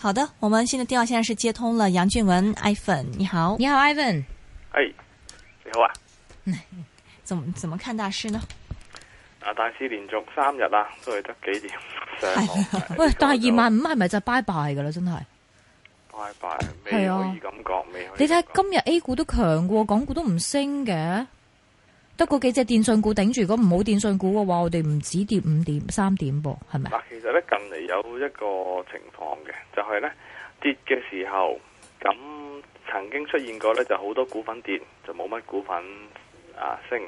好的，我們現在電話現在是接通了。楊俊文 Ivan 你好，你好，Ivan。誒，hey, 你好啊。嗯、怎麼怎麼看大市呢？啊，大市連續三日啦、啊，都係得幾點上落喂， 是的但係二萬五係咪就是拜拜噶啦？真係 拜拜，未可以噉講。啊、沒你睇今日 A 股都強嘅，港股都唔升嘅。得嗰幾隻電信股頂住，如果唔好電信股嘅話，我哋唔止跌五點、三點噃，係咪？嗱，其實咧近嚟有一個情況嘅，就係、是、咧跌嘅時候，咁曾經出現過咧就好多股份跌，就冇乜股份啊升。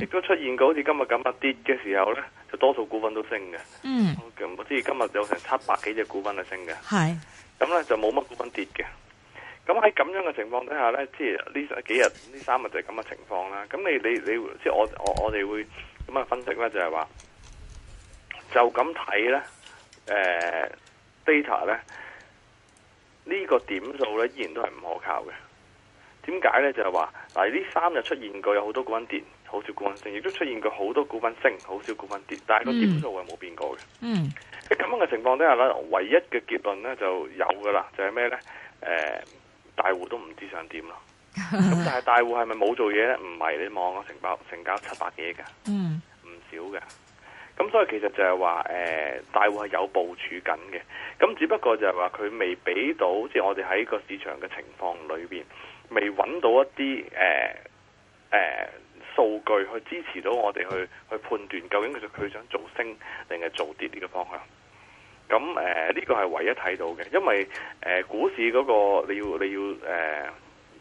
亦都、嗯、出現過好似今日咁啊跌嘅時候咧，就多數股份都升嘅。嗯。我知今日有成七百幾隻股份係升嘅。係是。咁咧就冇乜股份跌嘅。咁喺咁樣嘅情況底下呢，即係呢幾日呢三日就係咁嘅情況啦。咁你你你，即係我我哋會咁樣分析呢，就係話就咁睇呢，誒，data 呢，呢個點數呢依然都係唔可靠嘅。點解呢？就係話嗱，呢三日出現過有好多股份跌，好少股份升，亦都出現過好多股份升，好少股份跌。但係個點數係冇變過嘅。嗯，嗯，喺咁樣嘅情況底下呢，唯一嘅結論呢就有㗎啦，就係咩呢？誒。 大戶都唔知想點咯，咁但係大戶係咪冇做嘢呢？唔係，你望我成交成交七百幾億嘅，嗯，唔少嘅。咁所以其實就係話，誒、呃，大戶係有部署緊嘅。咁只不過就係話佢未俾到，即係我哋喺個市場嘅情況裏邊，未揾到一啲誒誒數據去支持到我哋去去判斷究竟佢佢想做升定係做跌呢個方向。咁誒呢個係唯一睇到嘅，因為誒、呃、股市嗰個你要你要誒、呃、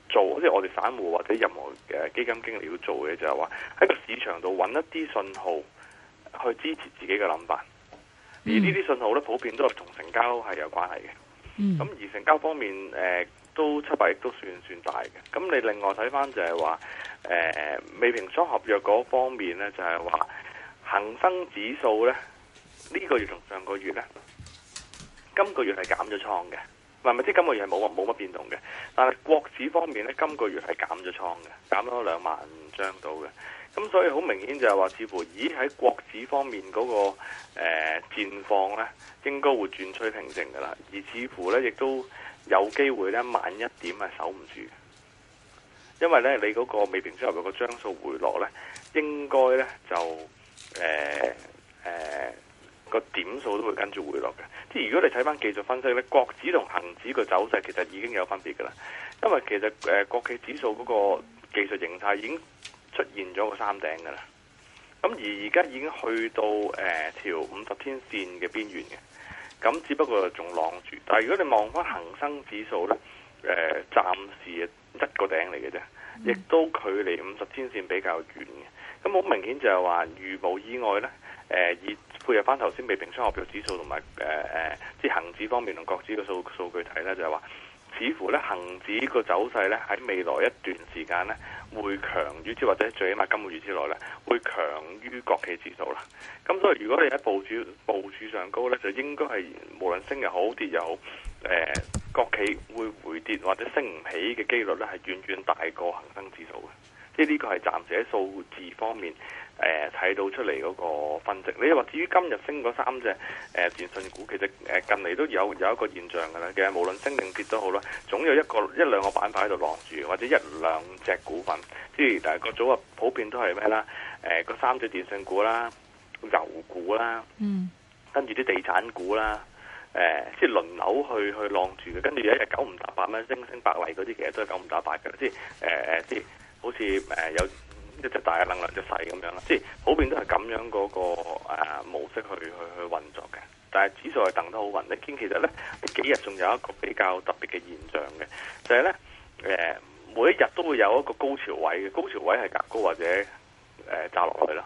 做，即係我哋散戶或者任何嘅基金經理要做嘅就係話喺個市場度揾一啲信號去支持自己嘅諗法，而呢啲信號咧普遍都係同成交係有關係嘅。咁、嗯、而成交方面誒、呃、都七百億都算算大嘅。咁你另外睇翻就係話誒未平倉合約嗰方面咧，就係、是、話恒生指數咧呢、呢個月同上個月咧，今個月係減咗倉嘅，係唔即係今個月係冇冇乜變動嘅。但係國指方面呢，今個月係減咗倉嘅，減咗兩萬張到嘅。咁所以好明顯就係話，似乎咦喺國指方面嗰、那個誒戰況呢，應該會轉趨平靜噶啦。而似乎呢，亦都有機會呢，晚一點係守唔住，因為呢，你嗰個未平綜合個張數回落呢，應該呢就誒誒。呃呃。個點數都會跟住回落嘅，即係如果你睇翻技術分析咧，國指同恒指個走勢其實已經有分別噶啦，因為其實誒國企指數嗰個技術形態已經出現咗個三頂噶啦，咁而而家已經去到誒條、呃、五十天線嘅邊緣嘅，咁只不過仲晾住。但係如果你望翻恒生指數咧，誒、呃、暫時一個頂嚟嘅啫。亦、嗯、都距離五十天線比較遠嘅，咁好明顯就係話，如無意外呢。誒、呃，以配合翻頭先未平相關指數同埋誒即係恆指方面同國指嘅數，數據睇呢，就係、是、話，似乎呢恆指個走勢呢，喺未來一段時間呢會強於之或者最起碼今個月之內呢會強於國企指數啦。咁所以如果你喺部署部署上高呢，就應該係無論升又好跌又好。誒，國企會回跌或者升唔起嘅幾率咧，係遠遠大過恒生指數嘅。即係呢個係暫時喺數字方面誒睇到出嚟嗰個分值。你話至於今日升嗰三隻誒電信股，其實誒近嚟都有有一個現象嘅啦。其實無論升定跌都好啦，總有一個一兩個板塊喺度落住，或者一兩隻股份。即係但係個早啊，普遍都係咩啦？誒，個三隻電信股啦，油股啦，嗯，跟住啲地產股啦。誒，即係、呃、輪流去去浪住嘅，跟住有一日九唔搭八咧，星星百位嗰啲其實都係九唔搭八嘅，即係誒誒，即係好似誒有一隻大嘅能量隻細咁樣啦，即、呃、係普遍都係咁樣嗰、那個、呃、模式去去去運作嘅。但係指數係等得好暈，兼其實咧，呢幾日仲有一個比較特別嘅現象嘅，就係咧誒，每一日都會有一個高潮位嘅，高潮位係隔高或者誒炸落去啦。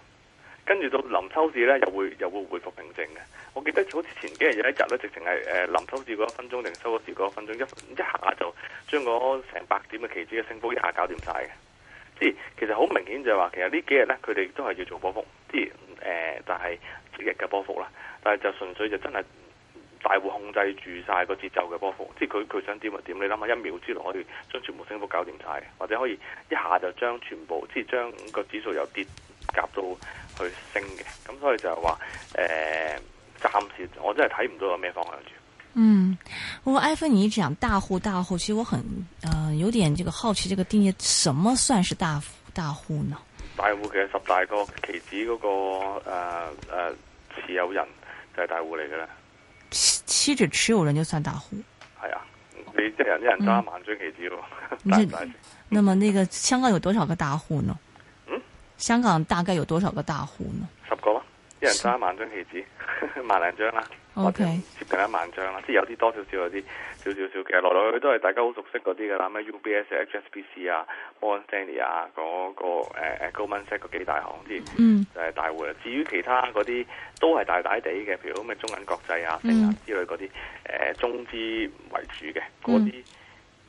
跟住到臨收市咧，又會又會回復平靜嘅。我記得好似前幾日有一集咧，直情係臨收市嗰一分鐘，定收市嗰一分鐘一一下就將嗰成百點嘅期指嘅升幅一下搞掂晒嘅。即係其實好明顯就係話，其實呢幾日咧，佢哋都係要做波幅，即係誒，就係即日嘅波幅啦。但係就純粹就真係大戶控制住晒個節奏嘅波幅，即係佢佢想點就點。你諗下一秒之內可以將全部升幅搞掂晒，或者可以一下就將全部即係將個指數又跌。夾到去升嘅，咁所以就係話，誒、呃，暫時我真係睇唔到有咩方向住。嗯，不我 Ivan 你講大戶大戶，其實我很，誒、呃，有點這個好奇，這個定義什麼算是大戶大戶呢？大戶其實十大個期指嗰個誒誒、呃呃、持有人就係大戶嚟噶啦。期期指持有人就算大戶？係啊，你即係一人揸萬張期指咯。咁、嗯、就，那麼那個香港有多少個大戶呢？香港大概有多少個大戶呢？十個咯，一人揸一萬張期指， 萬零張啦。O Okay . K，接近一萬張啦，即係有啲多少少，有啲少少少嘅，來來去去都係大家好熟悉嗰啲噶啦，咩 U B S、啊、H S B C 啊 Morgan Stanley 嗰個誒誒 Goldman Sachs 嗰幾大行嗰啲，就係大戶啦。嗯、至於其他嗰啲都係大大地嘅，譬如咁咩中銀國際啊，啊之類嗰啲，誒、呃、中資為主嘅嗰啲。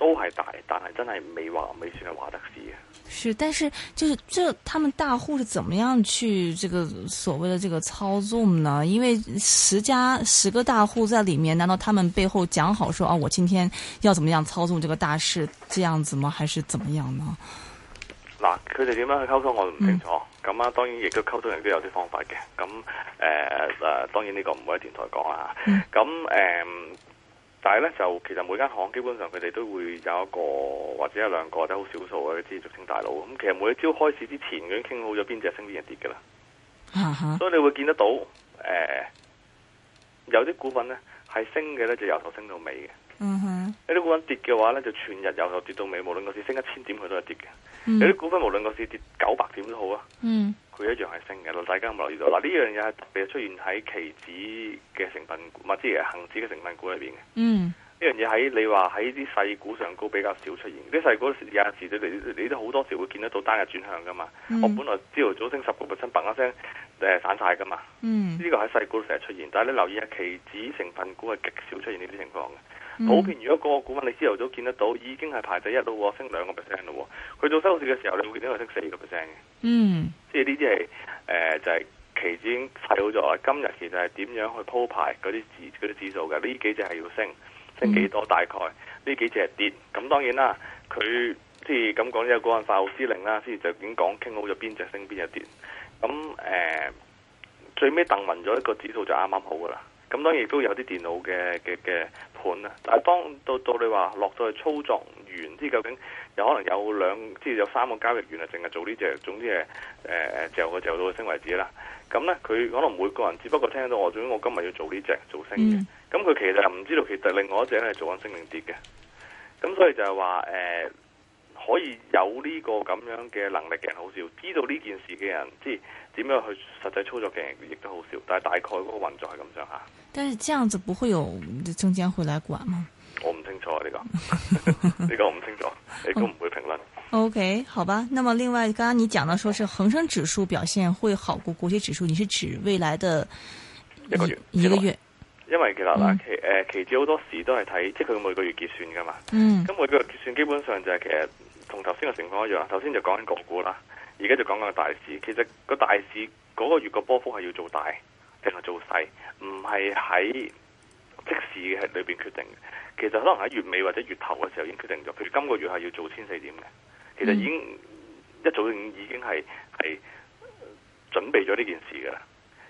都係大，但係真係未話，未算係話得事啊！是，但是就是，這他們大戶是怎麼樣去這個所謂的這個操縱呢？因為十家十個大戶在裏面，難道他們背後講好說啊，我今天要怎麼樣操縱這個大市，這樣子嗎？還是怎麼樣呢？嗱，佢哋點樣去溝通，我唔清楚。咁、嗯、啊，當然亦都溝通亦都有啲方法嘅。咁誒誒，當然呢個唔會喺電台講啊。咁誒、嗯。但係咧，就其實每間行基本上佢哋都會有一個或者一兩個，或者好少數嘅即俗稱大佬。咁其實每一朝開始之前已經傾好咗邊隻升邊隻跌㗎啦。 所以你會見得到，誒、呃、有啲股份咧係升嘅咧，就由頭升到尾嘅。嗯哼，有啲、mm hmm. 股份跌嘅話咧，就全日由頭跌到尾，無論個市升一千點佢都係跌嘅。有啲、mm hmm. 股份無論個市跌九百點都好啊，佢、mm hmm. 一樣係升嘅。大家有冇留意到，嗱、啊、呢樣嘢係特別出現喺期指嘅成分股，唔係即係恒指嘅成分股裏邊嘅。呢、mm hmm. 樣嘢喺你話喺啲細股上高比較少出現，啲細股有時你，你都好多時會見得到單日轉向噶嘛。Mm hmm. 我本來朝頭早升十個 percent，嘣一聲誒散晒噶嘛。呢、mm hmm. 個喺細股成日出現，但係你留意下期指成分股係極少出現呢啲情況嘅。Mm. 普遍如果個股份你朝頭早見得到，已經係排第一咯，升兩個 percent 咯。佢做收市嘅時候，你會見到佢升四個 percent 嘅。嗯，即係呢啲係誒就係期指已經睇好咗。今日其實係點樣去鋪排嗰啲指啲指數嘅？呢幾隻係要升，升幾多大概？呢、mm. 幾隻係跌。咁當然啦，佢即係咁講呢個股份發號施令啦，先就已經講傾好咗邊隻升邊隻跌。咁誒、呃、最尾掟文咗一個指數就啱啱好噶啦。咁當然亦都有啲電腦嘅嘅嘅盤啦，但係當到到你話落到去操作完，即係究竟有可能有兩，即係有三個交易員啊，淨係做呢隻，總之係誒誒，就個就到升為止啦。咁咧，佢可能每個人只不過聽到我，做，總之我今日要做呢隻做升嘅，咁佢、mm. 其實唔知道，其實另外一隻係做緊升定跌嘅。咁所以就係話誒，可以有呢個咁樣嘅能力嘅人好少，知道呢件事嘅人，即係點樣去實際操作嘅人亦都好少。但係大概嗰個運作係咁樣。但是這樣子不會有證監會來管嗎？我唔清楚呢、啊這個，呢個我唔清楚，呢個唔會評論。O、okay, K，好吧，那麼另外，剛剛你講到說是恒生指數表現會好過國企指數，你是指未來的一個一個月？因為佢拉其誒，期指好多時都係睇，即係佢每個月結算噶嘛。 嗯。咁每個月結算基本上就係其實同頭先嘅情況一樣，頭先就講緊個股啦，而家就講緊大市。其實個大市嗰個月嘅波幅係要做大。定係做細，唔係喺即時嘅係裏邊決定嘅。其實可能喺月尾或者月頭嘅時候已經決定咗。譬如今個月係要做千四點嘅，其實已經、嗯、一早已經係係準備咗呢件事嘅啦。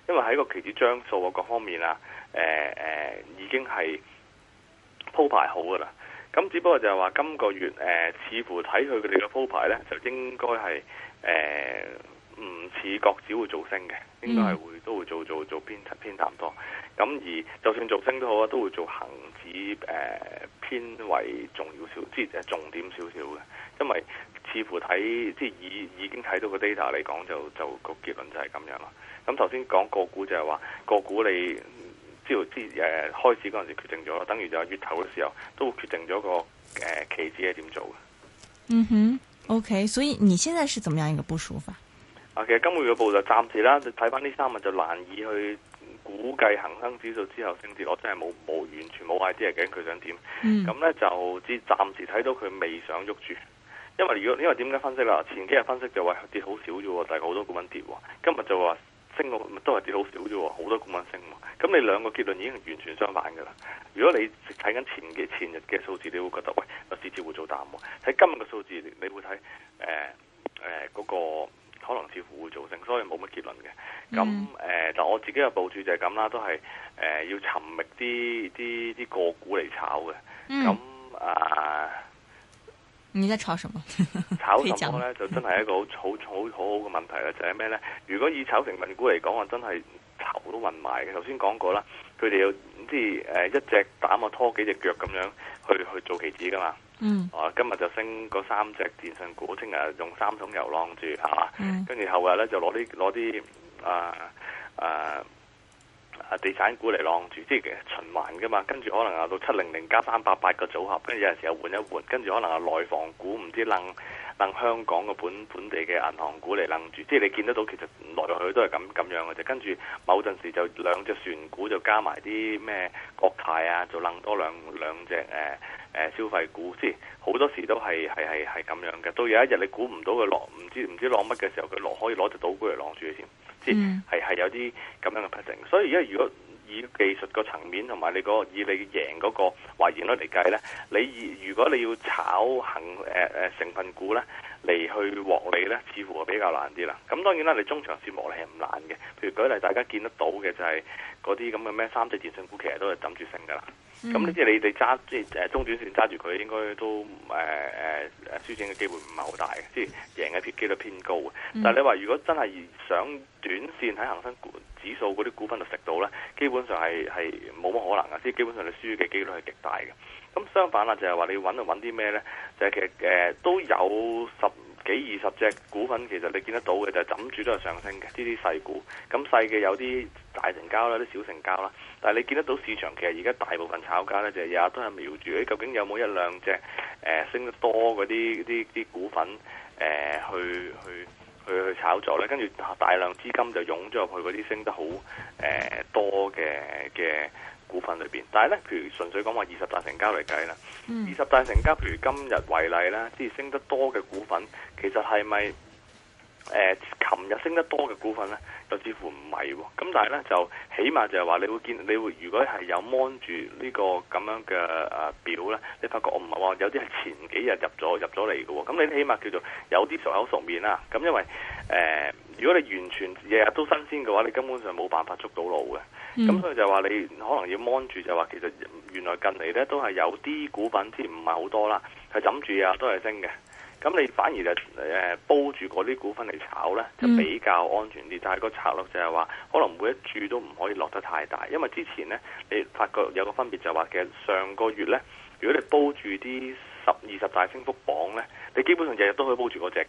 因為喺個期指張數啊各方面啦，誒、呃、誒、呃、已經係鋪排好嘅啦。咁只不過就係話今個月誒、呃，似乎睇佢佢哋嘅鋪排咧，就應該係誒。呃唔似國指會做升嘅，應該係會都會做做做偏偏淡多。咁而就算做升都好啊，都會做恒指誒、呃、偏為重要少，即係重點少少嘅。因為似乎睇即係已已經睇到個 data 嚟講，就就個結論就係咁樣啦。咁頭先講個股就係話個股你朝之誒開始嗰陣時決定咗，等於就係月頭嘅時候都決定咗個誒、呃、期指係點做嘅。嗯哼，OK，所以你現在是怎麼樣一個部署法、啊？啊，其實今個月嘅報就暫時啦，你睇翻呢三日就難以去估計恒生指數之後升跌。我真係冇冇完全冇 idea 驚佢想點。咁咧、mm. 就只暫時睇到佢未想喐住。因為如果因為點解分析啦？前幾日分析就話跌好少啫喎，但係好多股份跌。今日就話升個都係跌好少啫喎，好多股份升。咁你兩個結論已經完全相反㗎啦。如果你睇緊前幾前日嘅數字，你會覺得喂有市似乎做大喎。睇今日嘅數字，你會睇誒誒嗰個。可能似乎會造成，所以冇乜結論嘅。咁誒，但、呃、我自己嘅部署就係咁啦，都係誒、呃、要尋覓啲啲啲個股嚟炒嘅。咁、嗯、啊，你在炒什麼？炒什麼咧？就真係一個好好好好好嘅問題啦！就係咩咧？如果以炒成民股嚟講，我真係頭都暈埋嘅。頭先講過啦，佢哋要即係誒一隻膽啊拖幾隻腳咁樣去去做棋子噶嘛。嗯，今日就升嗰三隻電訊股，聽日用三桶油晾住，啊嗯、跟住後日咧就攞啲攞啲啊啊地產股嚟晾住，即係循環噶嘛。跟住可能啊到七零零加三八八個組合，跟住有陣時又換一換，跟住可能啊內房股唔知楞楞香港嘅本本地嘅銀行股嚟晾住，即係你見得到其實來來去去都係咁咁樣嘅啫。跟住某陣時就兩隻船股就加埋啲咩國泰啊，就楞多兩兩隻誒。誒消費股，即係好多時都係係係係咁樣嘅。到有一日你估唔到佢落，唔知唔知落乜嘅時候，佢落可以攞隻倒股嚟攞住佢。先、嗯，即係係有啲咁樣嘅 pattern。所以而家如果以技術個層面同埋你、個以你贏嗰、個懷疑率嚟計咧，你如果你要炒恒誒誒成份股咧嚟去獲利咧，似乎係比較難啲啦。咁當然啦，你中長線獲利係唔難嘅。譬如舉例，大家見得到嘅就係嗰啲咁嘅咩三隻電信股，其實都係等住成噶啦。咁即係你哋揸即係誒中短線揸住佢，應該都誒誒、呃、輸錢嘅機會唔係好大嘅，即係贏嘅機率偏高嘅。但係你話如果真係想短線喺恒生指數嗰啲股份度食到咧，基本上係係冇乜可能嘅，即係基本上你輸嘅機率係極大嘅。咁相反啦，就係話你要揾就揾啲咩咧？就係其實、呃、都有十幾二十隻股份，其實你見得到嘅就係枕住都係上升嘅呢啲細股，咁細嘅有啲。大成交啦，啲小成交啦，但係你見得到市場其實而家大部分炒家咧，就日日都係瞄住，究竟有冇一兩隻誒、呃、升得多嗰啲啲啲股份誒、呃、去去去去炒作咧，跟住大量資金就湧咗入去嗰啲升得好誒、呃、多嘅嘅股份裏邊。但係咧，譬如純粹講話二十大成交嚟計啦，二十、嗯、大成交，譬如今日為例啦，即係升得多嘅股份，其實係咪？誒，琴日、呃、升得多嘅股份咧，就似乎唔係喎。咁但係咧，就起碼就係話，你會見，你會如果係有望住、這個啊、呢個咁樣嘅表咧，你發覺我唔係喎，有啲係前幾日入咗入咗嚟嘅喎。咁你起碼叫做有啲熟口熟面啦、啊。咁、嗯、因為誒、呃，如果你完全日日都新鮮嘅話，你根本上冇辦法捉到路嘅。咁、嗯、所以就話你可能要望住，就話其實原來近嚟咧都係有啲股份，之前唔係好多啦，係枕住啊都係升嘅。咁你反而就誒煲住嗰啲股份嚟炒咧，就比較安全啲。嗯、但係個策略就係話，可能每一注都唔可以落得太大，因為之前咧，你發覺有個分別就係話，其實上個月咧，如果你煲住啲十二十大升幅榜咧，你基本上日日都可以煲住嗰隻、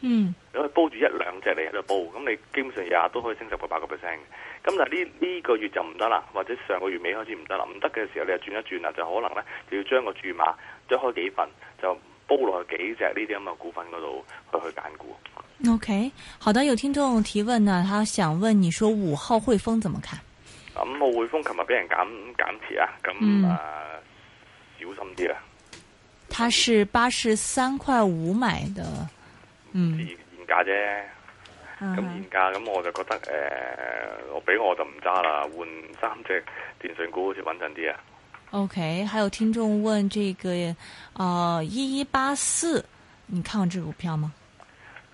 嗯、隻。嗯。如果煲住一兩隻嚟喺度煲，咁你基本上日日都可以升十個八個 percent。咁但係呢呢個月就唔得啦，或者上個月尾開始唔得啦。唔得嘅時候，你又轉一轉啦，就可能咧就要將個注碼開幾份就。煲落去幾隻呢啲咁嘅股份嗰度，去去揀股。OK，好的，有聽眾提問呢、啊，他想問，你說五號匯豐怎麼看？五號匯豐琴日俾人減減持啊，咁啊小心啲啦。他是八十三塊五買嘅嗯，現價啫。咁現價，咁、uh huh. 嗯、我就覺得誒、呃，我俾我就唔揸啦，換三隻電信股好似穩陣啲啊。OK，還有聽眾問這個，啊、呃，一一八四，你看過隻股票嗎？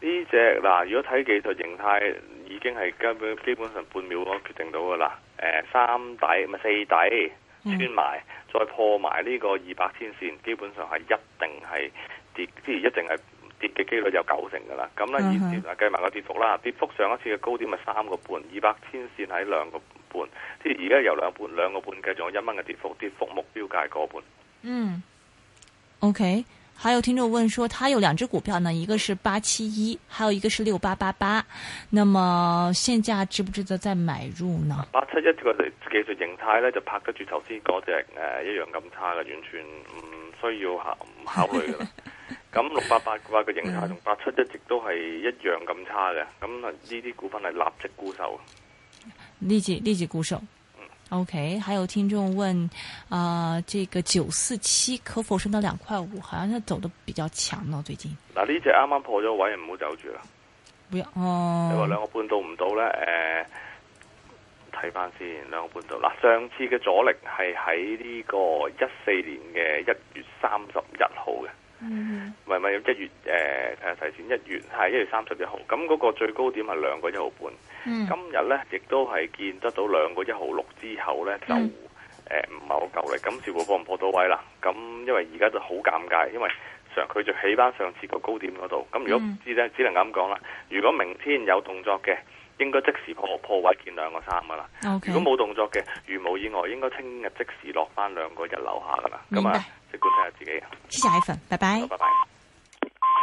呢隻嗱，如果睇技術形態，已經係根本基本上半秒我決定到噶啦。誒、呃，三底咪四底穿埋，再破埋呢個二百天線，基本上係一定係跌，即係一定係跌嘅幾率有九成噶啦。咁咧，嗯、哼而家啊計埋個跌幅啦，跌幅上一次嘅高點咪三個半，二百天線喺兩個半，即係而家有兩半，兩個半計，仲有一蚊嘅跌幅，跌幅目標價個半。嗯，OK，還有聽眾問說，他有兩隻股票呢，一個是八七一，還有一個是六八八八，那麼現價值不值得再買入呢？八七一呢隻，技術形態咧就拍得住投資嗰隻，誒、呃，一樣咁差嘅，完全唔、嗯、需要考考慮嘅啦。咁 六八八嘅話，個形態同、嗯、八七一直都係一樣咁差嘅，咁啊呢啲股份係立即沽售。立即立即固守。嗯、OK，還有聽眾問，啊、呃，這個九四七可否升到兩塊五？好像佢走得比較強咯、哦，最近。嗱呢隻啱啱破咗位，唔好走住啦。唔要哦。呃、你話兩個半到唔到咧？誒、呃，睇翻先，兩個半到。嗱，上次嘅阻力係喺呢個一四年嘅一月三十一號嘅。唔係唔係，一、mm hmm. 月誒誒、呃、提前一月係一月三十一號，咁嗰個最高點係兩個一毫半。Mm hmm. 今日呢，亦都係見得到兩個一毫六之後呢，就唔係好夠力，咁似乎破唔破到位啦？咁因為而家就好尷尬，因為上佢就起翻上次個高點嗰度。咁如果唔知呢，mm hmm. 只能咁講啦，如果明天有動作嘅，應該即時破破位見兩個三噶啦，如果冇動作嘅，如冇意外，應該聽日即時落翻兩個一樓下噶啦。咁啊，白即管睇下自己嘅。謝 Ivan，拜拜。拜拜。拜拜。